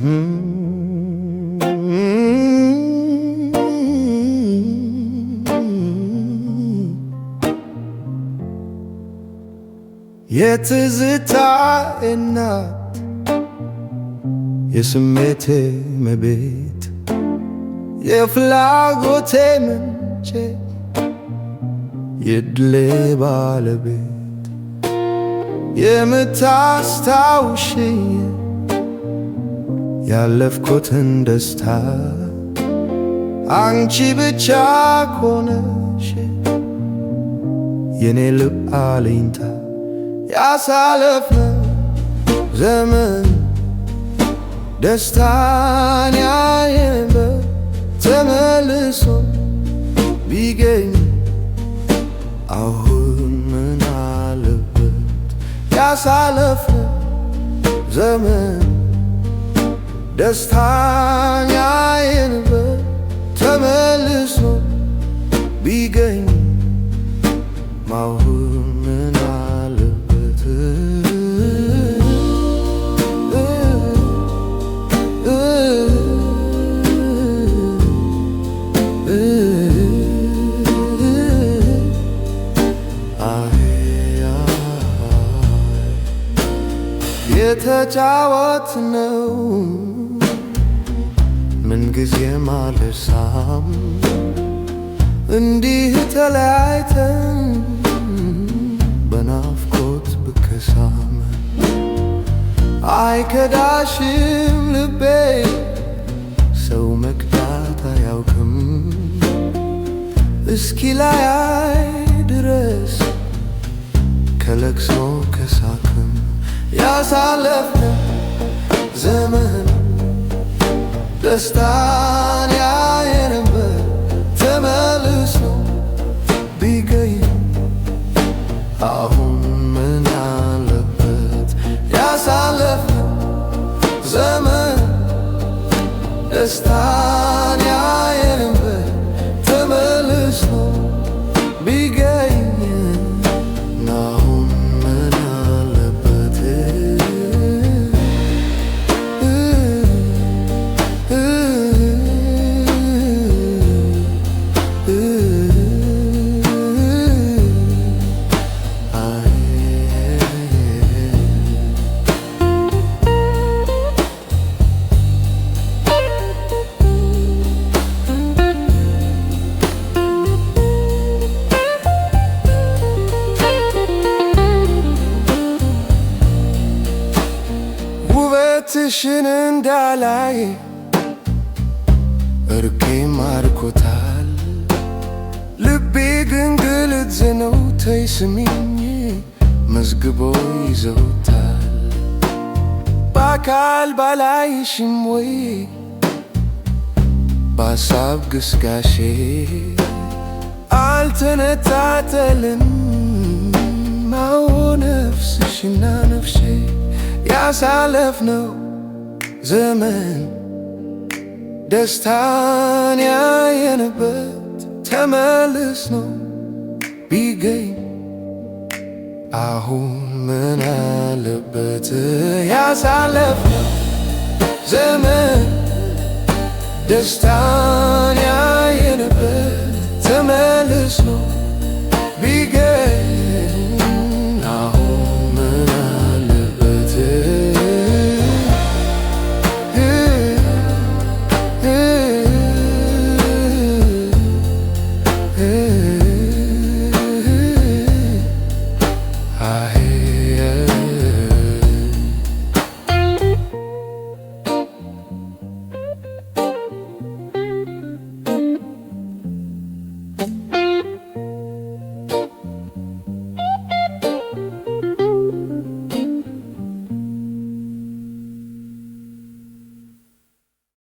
Hmm. የትዝታ እናት የስሜቴ መቤት የፍላጎቴ ምንጭ የድሌ ባለቤት የምታስታውሽኝ ያለፍኩትን ደስታ አንቺ ብቻ ኮነሽ የኔ ልብ አለኝታ ያሳለፈ ዘመን ደስታን ያየበ ተመልሶ ቢገኝ አሁን ምን አለበት ያሳለፈ ዘመን ደስታኛዬን በተመልሶ ቢገኝ ማሁን ምን አለበት የተጫወት ነው ጊዜ ማልሳም እንዲህ ተለያይተን በናፍቆት ብከሳም አይከዳሽም ልቤ ሰው መክዳት አያውቅም እስኪ ላያይ ድረስ ከለቅሶ ከሳክም ያሳለፍነ ዘመን ደስታን ያየንበት ተመልሶ ቢገኝ አሁን ምን አለበት ያሳለፍነው ዘመን ደስታን ራስሽን እንዳላይ እርቄ ማርኮታል ልቤ ግንግልት ነው ተይ ስሚኝ መዝግቦ ይዘውታል በአካል ባላይሽም ወይ በአሳብ ግስጋሼ አልተነታተልም ማሆ ነፍስሽና ነፍሼ ያሳለፍ ነው ዘመን ደስታን ያየንበት ተመልስ ነው ቢገኝ አሁን ምን አለበት ያሳለፍነው ዘመን ደስታ